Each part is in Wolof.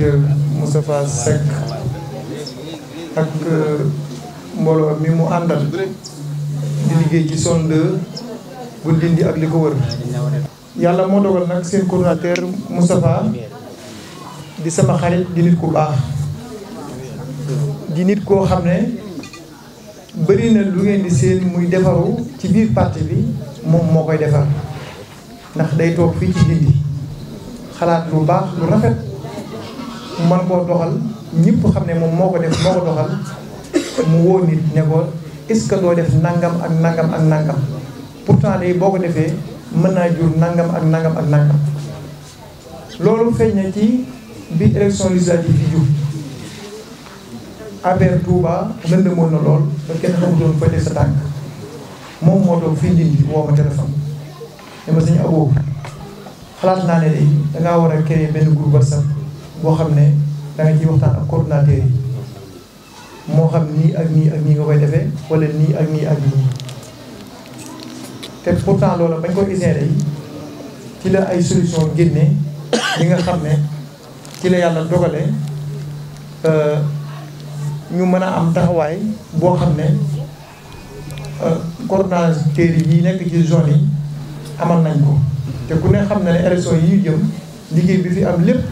docteur Moustapha Seck ak euh, mbooloo mi mu àndal di liggéey ci zone 2 bu Ndindi ak li ko wër yàlla moo dogal nag seen coordinateur Moustapha di sama xarit di nit ku baax di nit koo xam ne bëri na lu ngeen di seen muy defaru ci biir parti bi moom moo koy defar ndax day toog fii ci Ndindi xalaat lu baax lu rafet man koo doxal ñëpp xam ne moom moo ko def moo ko doxal mu woo nit ne ko est-ce que doo def nangam ak nangam ak nangam pourtant day boo ko defee mën naa jur nangam ak nangam ak nangam loolu feeñ na ci bi élection législative yi jub affaire Touba lëndëmoon na lool ba kenn xamutoon fa sa tànk moom moo toog fii Ndindi woo ma téléphone dama sañu aboo xalaat naa ne de dangaa war a créer benn groupe WhatsApp boo xam ne da nga ciy waxtaan ak coordonnateur moo xam nii ak nii ak nii nga koy defee wala nii ak nii ak nii te pourtant loola bañ ko iseere yi ci la ay solution génne li nga xam ne ci la yàlla dogale euh, ñu mën a am taxawaay boo xam ne euh, coordonnateur yi nekk ci zone yi amal nañ ko te ku ne xam na ne élection yi ñu jëm liggéey bi fi am lépp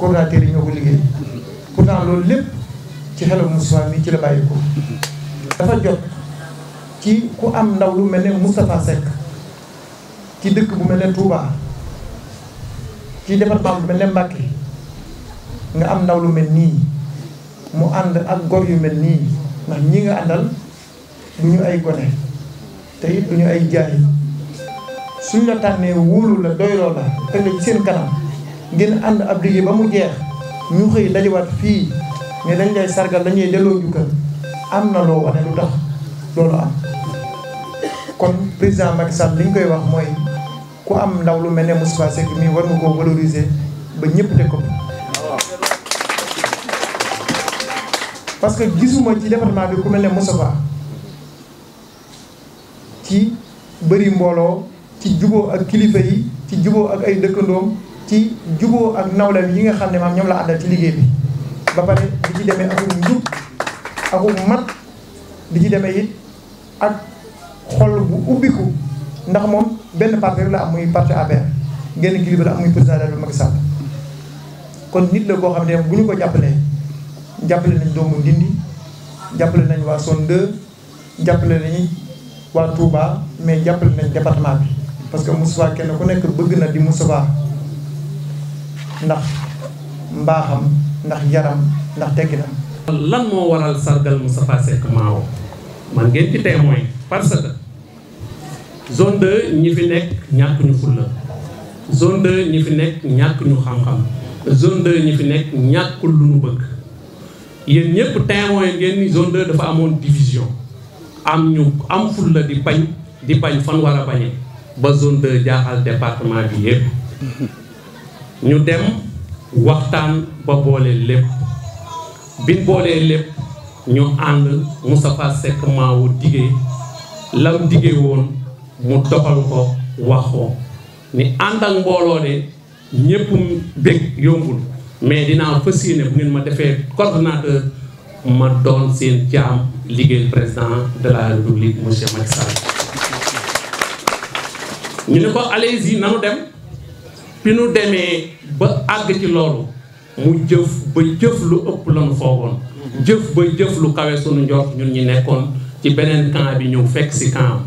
coordonnateur yi ñoo ko liggéey pourtant loolu lépp ci xelal Moustapha mi ci la bàyyi ko dafa jot ci ku am ndaw lu mel ne Moustapha Seck ci dëkk bu mel ne Touba ci département bu mel ne Mbacké nga am ndaw lu mel nii mu ànd ak góor yu mel nii ndax ñi nga àndal du ñu ay gone te it du ñu ay jaay suñ la tànnee wóolu la doyloo la teg la ci seen kanam ngeen ànd ab liggéey ba mu jeex ñu xëy dajewaat fii ne dañ lay sargal dañuy delloo njukkal am na loo wane lu tax loolu am kon président Macky Sall koy wax mooy ku am ndaw lu mel ne Moustapha Seck mii war nga koo valoriser ba ñëpp teg ko parce que gisuma ci département bi ku mel ne Moustapha ci bëri mbooloo ci juboo ak kilifa yi ci juboo ak ay dëkkandoom ci juboo ak nawleem yi nga xam ne maam ñoom la àndal ci liggéey bi ba pare di ci demee akum njub akum mat di ci demee it ak xol bu ubbiku ndax moom benn parti rek la am muy parti APR genn kilifa la am muy président daal kon nit la koo xam ne bu ñu ko jàppalee jàppale nañ doomu Ndindi jàppale nañ waa zone 2 jàppale nañ waa Touba mais jàppale nañ département bi parce que Moustapha kenn ku nekk bëgg na di Moustapha ndax mbaaxam ndax yaram ndax tegginam lan moo waral sargal Moustapha Seck Maawo man ngeen ci témoin parce que zone 2 ñi fi nekk ñàkk ñu fulla zone 2 ñi fi nekk ñàkk ñu xam-xam zone 2 ñi fi nekk ñàkkul lu ñu bëgg yéen ñëpp témoin ngeen ni zone 2 dafa amoon division am ñu am fulla di pañ di pañ fan war a bañee ba zone 2 jaaxal département bi yëpp ñu dem waxtaan ba boolee lépp biñ boolee lépp ñu ànd Moustapha Seck Maawu diggee lam diggee woon mu doxal ko waxoo ni ànd mbooloo de ñépp bég yombul mais dinaa fas yéene bu ngeen ma defee coordonnateur ma doon seen jaam liggéey président de la république monsieur Macky ñu ne ko allez-y nanu dem bi nu demee ba àgg ci loolu mu jëf ba jëf lu ëpp lañu foogoon jëf ba jëf lu kawe sunu njort ñun ñi nekkoon ci beneen camp bi ñëw fekk si camp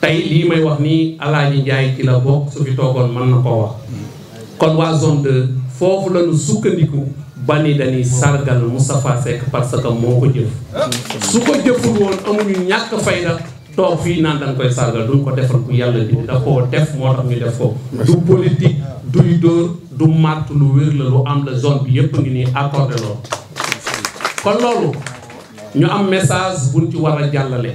tey lii may wax nii Alaaji Njaay ci la bokk su fi toogoon mën na koo wax kon waa zone 2 foofu lañu sukkandiku ba ni dañuy sargal Moustapha Seck parce que moo ko jëf su ko jëful woon amuñu ñàkk fayda toog fii naan dañ koy sàrgal duñ ko defal ku yàlla bi da koo def moo tax ñu def ko du politique duy dóor du màtt lu wér la lu am la zone bi yépp ngi nii accordé loolu kon loolu ñu am message buñ ci war a jàllale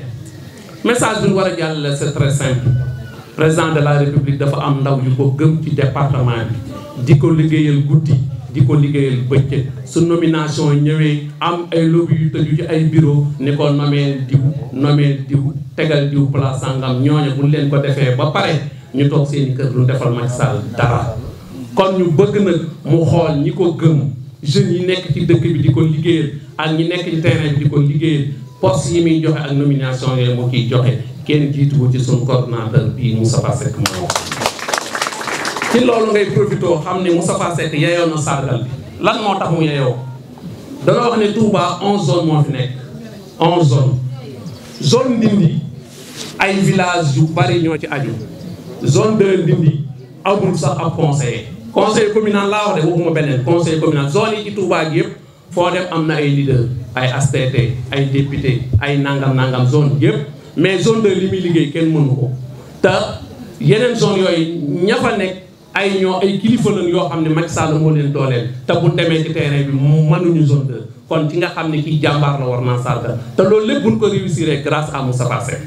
message buñ war a jàllale c'est très simple président de la république dafa am ndaw yu ko gëm ci département bi di ko liggéeyal guddi di ko liggéeyal bëccëg su nomination ñëwee am ay lobby yu tëju ci ay bureau ni ko nomeel diw nomeel diw tegal diw place sangam ñooñu bu leen ko defee ba pare ñu toog seeni kër lu defal Macky Sall dara kon ñu bëgg nag mu xool ñi ko gëm jeunes yi nekk ci dëkk bi di ko liggéeyal ak ñi nekk ci terrain bi di ko liggéeyal poste yi muy joxe ak nomination yooyu mu ciy joxe kenn jiitu ko ci suñu coordonnateur bii Moussa Seck moo ci loolu ngay profitoo xam ne Moustapha Seck yeyoo na sargal bi lan moo tax mu yeyoo dana wax ne Touba onze zone moo fi nekk onze zone zone Ndindi ay village yu bari ñoo ci aju zone de Ndindi amul sax ab conseiller conseil communal laa wax de waxuma beneen conseil communal zone yi ci Touba gi yëpp foo dem am na ay leader ay ASPT ay député ay nangam nangam zone yëpp mais zone de li muy liggéey kenn mënu ko te yeneen zone yooyu ña fa nekk ay ñoo ay kilifa lañ yoo xam ne Macky Sall moo dooleel te bu demee ci terrain bi mënuñu zone 2 kon ci nga xam ne kii jàmbaar la war naa sargal te loolu lépp buñ ko réussir grâce à Moustapha Seck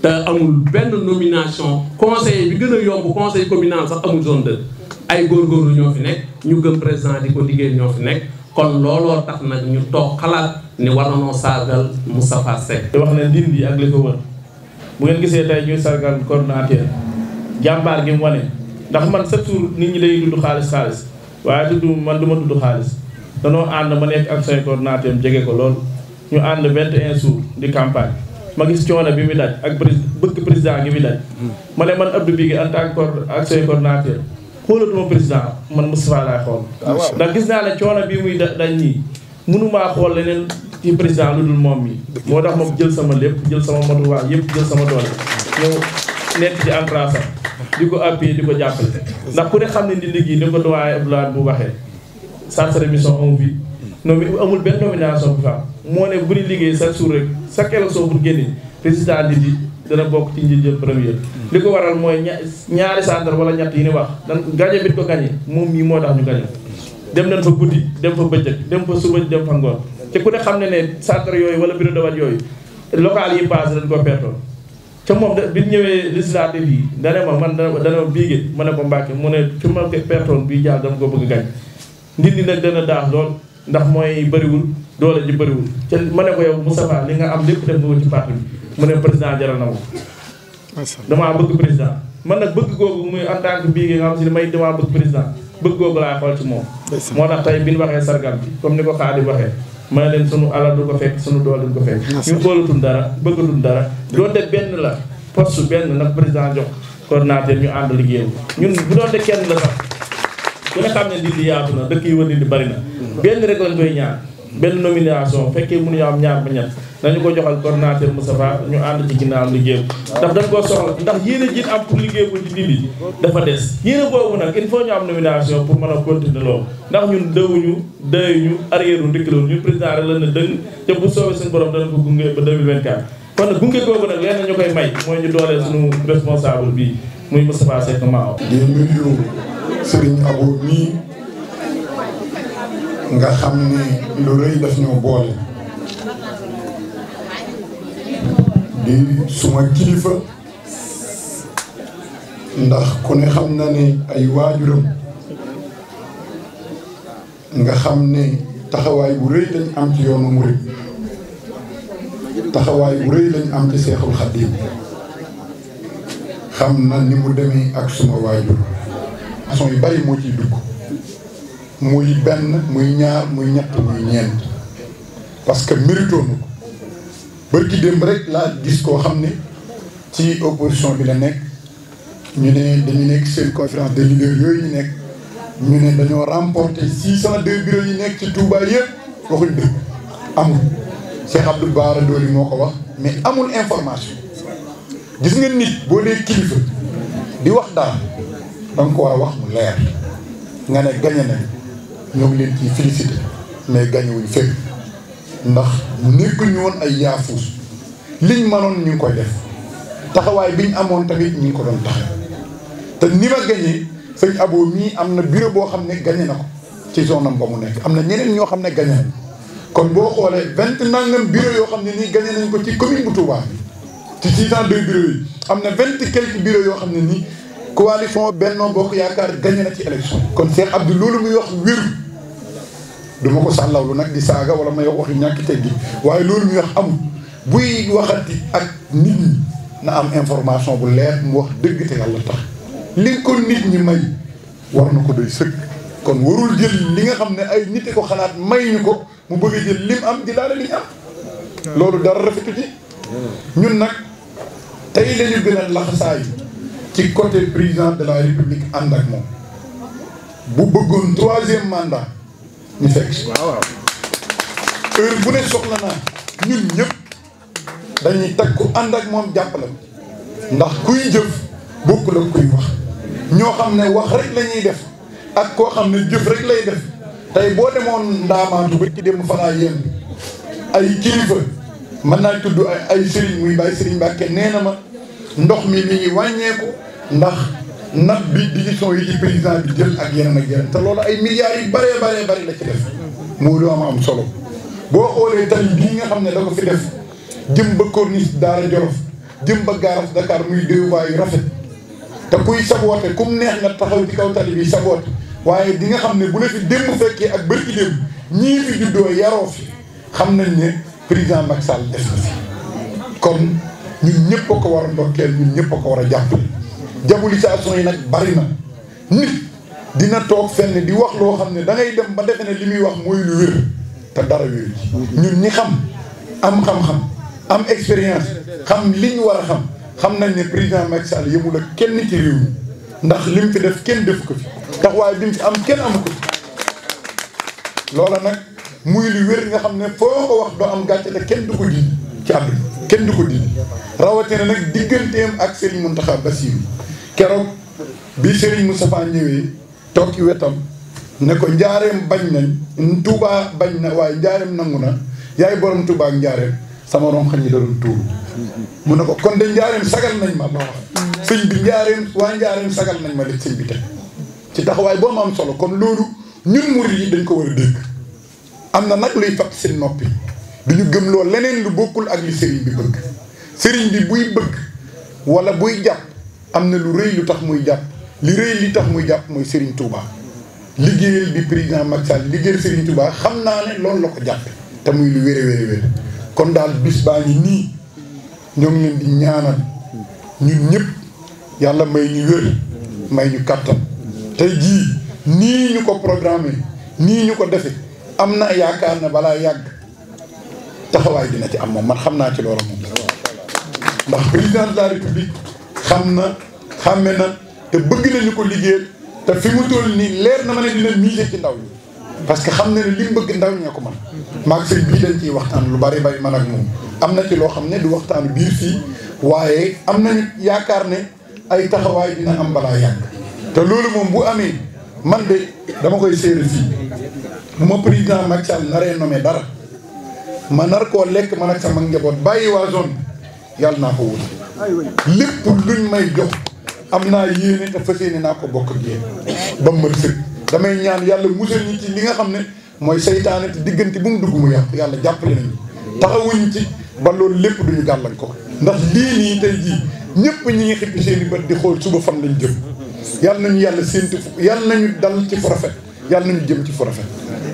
te amul benn nomination conseil bi gën a yomb conseil communal sax amul zone 2 ay góorgóorlu ñoo fi nekk ñu gëm président di ko liggéey ñoo fi nekk kon looloo tax nag ñu toog xalaat ni war nanoo sargal Moustapha Seck. di wax ne Ndindi ak li ko wër bu ngeen gisee gi ndax man sa tur nit ñi dañuy dudd xaalis xaalis waaye dudd man du ma dudd xaalis danoo ànd ma nekk ak say coordonnateur jege ko lool ñu ànd vingt et un jours di campagne ma gis coono bi muy daj ak bëgg président gi mu daj ma ne man Abdou Bigué en tant que ak say coordonnateur xoolatuma président man Moustapha laay xool ah, ndax gis naa ne coono bi muy dañ ñii mënumaa xool leneen ci président lu dul moom mi moo tax moom jël sama lépp jël sama matuwaay yëpp jël sama doole nekk ci entrance di ko appuyer di ko jàppale ndax ku ne xam ne Ndindy gi ni ko doyen Abdoulaye bu waxee sans rémission amul fii nomi amul benn nomination bu fa moo ne bu ñu liggéey chaque jour rek chaque élection bu génne président Ndindy dana bokk ci njël premier li ko waral mooy ñaari centre wala ñett yi ni wax dan gañe bit ko gañe moom mii moo tax ñu gañe dem nañ fa guddi dem fa bëccëg dem fa suba dem fa ngoon te ku ne xam ne ne centre yooyu wala bureau de vote yooyu local yi passé dañ ko pertoon ca moom da bi ñëwee législative yi dane ma man dana ma biigé ma ne ko Mbàkke mu ne fi ma pertoon bi jaar dama ko bëgg gañ ngir ñi nag dana daax lool ndax mooy bëriwul doole ji bariwul ca ma ne ko yow Moustapha li nga am lépp def nga ko ci parti bi mu ne président jaral na ko damaa bëgg président man nag bëgg googu muy en tant que biigé nga xam si ne may damaa bëgg président bëgg googu laay xool ci moom moo tax tey bi ñu waxee sargal bi comme ni ko Xaadim waxee ma leen sunu alal du ko fekk sunu doole du ko fekk. ñu xoolatul dara bëggatul dara. doonte benn la poste benn nag président jox coordonnateur ñu ànd liggéeyam ñun bu doonte kenn la sax ku ne xam ne Ndindy yaatu na dëkk yi wër Ndindy bari mm. benn rek lañ koy ñaan. benn nomination bu fekkee mënuñu am ñaar ba ñett nañu ko joxal coordonnateur Moustapha ñu ànd ci ginnaawam liggéeyam ndax dañ ko soxla ndax yéen a jiit am pour liggéey ko ci Ndindy dafa des yéen a boobu nag il ñu am nomination pour man a continuer loolu ndax ñun dëwuñu ñu arrière u ndikkiloon ñun président rek la na dëng te bu soobee suñu borom dana ko gunge ba 2024 kon nag gunge googu nag leen ñu koy may mooy ñu dooleel suñu bi muy Moustapha Seck nga xam ni lu rëy daf ñoo boole di suma kilifa ndax ku ne xam na ni ay waajuram nga xam ni taxawaay bu rëy lañ am ci yoonu murid taxawaay bu rëy lañ am ci seexul xaddiim xam na ni mu demee ak suma waajur façon yu bari moo ciy dugg muy benn muy ñaar muy ñett muy ñeent parce que méritoon na ko bërki démb rek laa gis koo xam ne ci opposition bi la nekk ñu ne dañu nekk seen conférence de leaders yooyu ñu nekk ñu ne dañoo remporter six cent deux bureaux yi nekk ci Touba yëpp waxuñ dëgg amul Cheikh Abdou Bara Dolly moo ko wax mais amul information gis nga nit boo dee kilifa di wax dara danga ko war a wax mu leer nga ne gañe nañ ñoo leen ci félicité mais gañuwuñ fépp ndax nekkuñu woon ay yaafuus liñ manoon ñu ngi koy def taxawaay biñ amoon tamit ñu ngi ko doon taxe te ni ma gañee sëñ aboo mii am na bureau boo xam ne gañe na ko ci zone am ba mu nekk am na ñeneen ñoo xam ne gañe kon boo xoolee vingt nangam bureau yoo xam ne nii gañe nañ ko ci commune bu Touba ci six ans deux bureaux yi am na vingt quelques bureaux yoo xam ne nii coalition Benno Bokk Yaakaar gañe na ci élection kon Cheikh Abdou loolu muy wax wéru du ko sax lawlu nag di saaga wala may wax ñàkk teggi waaye loolu ñu wax amul buy waxati ak nit ñi na am information bu leer mu wax dëgg te yàlla tax li ko nit ñi may war na ko doy sëkk kon warul jël li nga xam ne ay nit ko xalaat may ñu ko mu bëgg a jël lim am di la li am loolu dara rafetu ci ñun nag tey la ñu gën a laxasaayu ci côté président de la république ànd ak moom bu bëggoon troisième mandat ñu fekk si waaw waaw heure bu ne soxla naa ñun ñëpp dañuy tag ku ànd ak moom jàppale ndax kuy jëf bokk la kuy wax ñoo xam ne wax rek la def ak koo xam ne jëf rek lay def tey boo demoon ndaamaan ba ci dem fanaa yéen ay kilifa mën naa tudd ay sëriñ muy bàyyi sëriñ Mbàkke nee na ma ndox mi mi wàññeeku ndax nat bi décision yi ci président bi jël ak yeneen ak yeneen te loolu ay milliards yu bëree bëree bëri la ci def moo lu am am solo boo xoolee tali bii nga xam ne da ko fi def jëm ba corniche daara Jolof jëm ba gaaras Dakar muy deux yu rafet te kuy saboote kum neex nga taxaw ci kaw tali bi saboote waaye di nga xam ne bu la fi démb fekkee ak bërki démb ñii fi juddoo yaroo fi xam nañ ne président Macky Sall def na fi kon ñun ñëpp a ko war a ndokkeel ñun ñëpp a ko war a jàppale jabul diabolisation yi nag bari na nit dina toog fenn di wax loo xam ne da ngay dem ba defe ne li muy wax mooy lu wér te dara wér ñu ñi xam am xam-xam am expérience xam li ñu war a xam xam nañ ne président ma Sall yëmul ak kenn ci réew mi ndax li mu fi def kenn def ko fi taxawaay bi mu ci am kenn amu ko fi loola nag muy lu wér nga xam ne foo ko wax doo am gàcce te kenn du ko ji ci àdduna kenn du ko dindi rawatina nag digganteem ak Serigne Mountakha Bassirou keroog bi mu Moustapha ñëwee toog ci wetam ne ko njaareem bañ nañ Touba bañ na waaye njaareem nangu na yaay borom Touba ak njaareem sama ronxañ ñi da doon tuuru mu ne ko kon de njaareem sagal nañ ma ma wax sëñ bi njaareem waa njaareem sagal nañ ma li sëñ bi ci taxawaay boo ma am solo kon loolu ñun murid yi dañ ko war a dégg am na nag luy fat seen noppi du ñu gëmloo leneen lu bokkul ak li sëriñ bi bëgg sëriñ bi buy bëgg wala buy jàpp am na lu rëy lu tax muy jàpp li rëy li tax muy jàpp mooy sëriñ Touba. liggéeyal bi président Macky Sall liggéeyal sëriñ Touba xam naa ne loolu la ko jàppe te muy lu wére wére wére kon daal bis baa nii ñoo ngi leen di ñaanal ñu ñëpp yàlla may ñu wér may ñu kàttan tey jii nii ñu ko programmé nii ñu ko defe am na yaakaar na balaa yàgg taxawaay dina ci am moom man xam naa ci loolu moom ndax président de la république xam na xàmme na te bëgg nañu ko liggéeyal te fi mu nii leer na ne dina ci ndaw ñi parce que xam na ne li bëgg ndaw ñoo ko man maag sëñ bii dañ ciy lu bari bari man ak am na ci loo xam ne du waxtaan biir fii waaye am nañu yaakaar ne ay taxawaay dina am balaa yàgg te loolu moom bu amee man de dama koy séeréer fii bu ma président Macky Sall naree nommé dara ma nar koo lekk man ak sama njaboot bàyyi waa zone yàlla naa ko wut lépp luñ may jox am naa yéene te fas yéene naa ko bokk ak yéen ba mër sëg damay ñaan yàlla musal ñi ci li nga xam ne mooy seytaane te diggante bu mu dugg mu yàq yàlla jàppale nañu taxawuñ ci ba loolu lépp duñu gàllan ko ndax lii nii tey jii ñëpp ñi ngi xippi seen i bët di xool suba fan lañ jëm yàlla nañu yàlla séentu yàlla nañu dal ci fu rafet yàlla nañu jëm ci fu rafet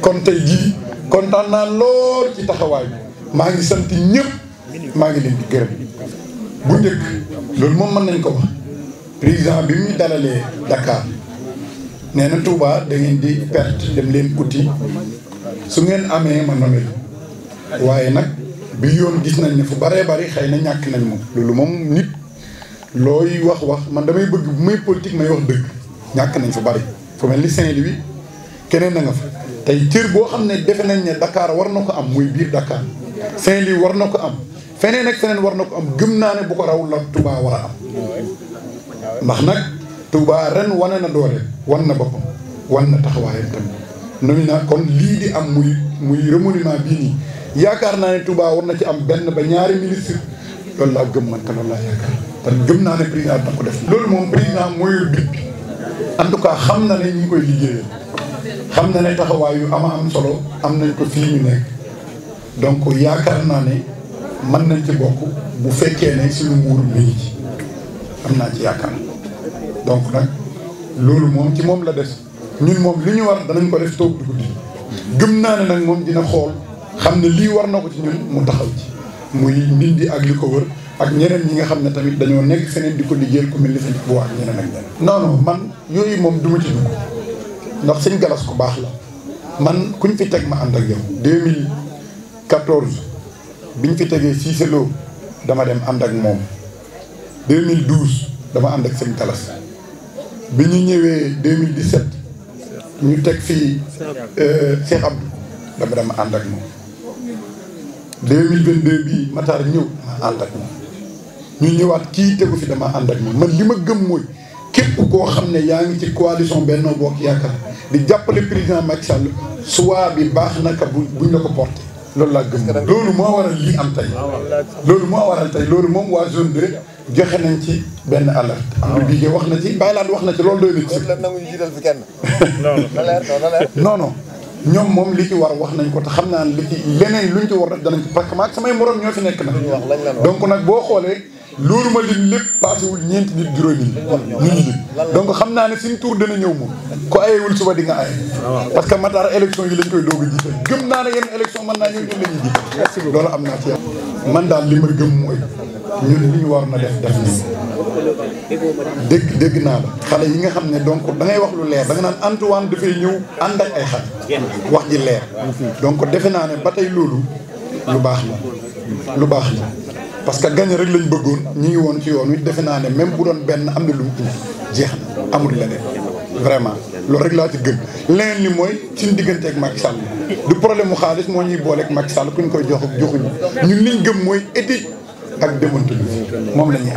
kon tey kontaan naa lool ci taxawaay maa ngi sant ñëpp maa ngi leen di gërëm bu njëkk loolu moom mën nañ ko wax président bi muy dalalee Dakar nee na Touba da di perte dem leen uti su ngeen amee ma nomé waaye nag bi yoon gis nañ ne fu baree bari xëy na ñàkk nañ moom loolu moom nit looy wax wax man damay bëgg bu may politique may wax dëgg ñàkk nañ fu bari fu mel ni Saint-Louis keneen na nga fa tey cër boo xam ne defe nañ ne Dakar war na ko am muy biir Dakar Saint-Louis war na ko am feneen ak feneen war na ko am gëm naa ne bu ko raw la Touba war a am ndax nag Touba ren wane na doole wan na boppam wan na taxawaayam tamit nuñu na kon lii di am muy muy remaniement bii nii yaakaar naa ne Touba war na ci am benn ba ñaari ministre loolu laa gëm man te loolu laa yaakaar te gëm naa ne président da ko def loolu moom président mooy bit bi en tout cas xam na ne ñu ngi koy xam na ne taxawaay yu ama am solo am nañ ko fii ñu nekk donc yaakaar naa ne mën nañ ci bokk bu fekkee ne suñu muur mi ngi ci am naa ci yaakaar donc nag loolu moom ci moom la des ñun moom li ñu war danañ ko def toog dugub gëm naa ne nag moom dina xool xam ne lii war na ko ci ñun mu taxaw ci muy Ndindi ak li ko wër ak ñeneen ñi nga xam ne tamit dañoo nekk feneen di ko liggéeyal ku mel ni sañ bu ak ñeneen ak ñeneen non man yooyu moom duma ci dugg ndax sëñ galas ku baax la man kuñ fi teg ma ànd ak yow 2014 ñu fi tegee Cicelo dama dem ànd ak moom 2012 dama ànd ak sëñ galas bi ñu ñëwee 2017 ñu teg fii euh, Cheikh Abdou dama dem ànd ak moom 2022 bii Matar ñëw ma ànd ak moom ñu ñëwaat kii tegu fi dama ànd ak moom man li ma gëm mooy képp koo xam ne yaa ngi ci coalition Benno Bokk Yaakaar di jàppale président Macky Sall soit bi baax na ka bu buñ la ko porté loolu laa gëm loolu moo waral lii am tey loolu moo waral tey loolu moom waa zone 2 joxe nañ ci benn alerte am na bii wax na ci bàyyi laa wax na ci loolu doy na ci non non ñoom moom li ci war wax nañ ko te xam naa li ci leneen luñ ci war def danañ ko parce que maag samay morom ñoo fi nekk nag donc nag boo xoolee loolu ma lim lépp paasewul ñeenti nit juróomi nit ñu ñu donc xam naa ne suñu tour de dana ñëw moom ku ayewul suba di nga ah parce que Matar élection yi lañ koy doog a jiital gëm naa ne yenn élection mën naa ñëw ñun la ñuy am naa ci man daal li ma gëm mooy ñun li ñu war na def def dégg dégg naa la xale yi nga xam ne donc da ngay wax lu leer da nga naan Antoine dafay ñëw ànd ak ay xale wax ji leer donc defe naa ne ba tey loolu lu baax la lu baax la parce que gagné rek lañ bëggoon ñu ngi woon ci yoon wi defe naa ne même bu doon benn am na lu mu tudd jeex na amul leneen vraiment loolu rek laa ci gën leneen li mooy ci ñu digganteek Macky Sall du problème mu xaalis moo ñuy boole ak Macky ku ñu koy jox ak joxuñu ñu liñ gëm mooy éthique ak démantu moom la ñuy